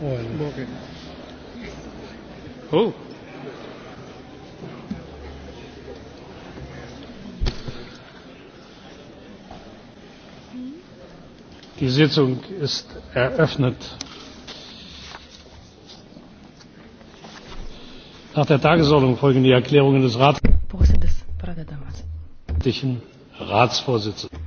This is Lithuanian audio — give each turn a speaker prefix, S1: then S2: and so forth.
S1: Morgen. Morgen. Oh.
S2: Die Sitzung ist eröffnet. Nach der Tagesordnung folgen die Erklärungen
S3: des Ratsvorsitzenden.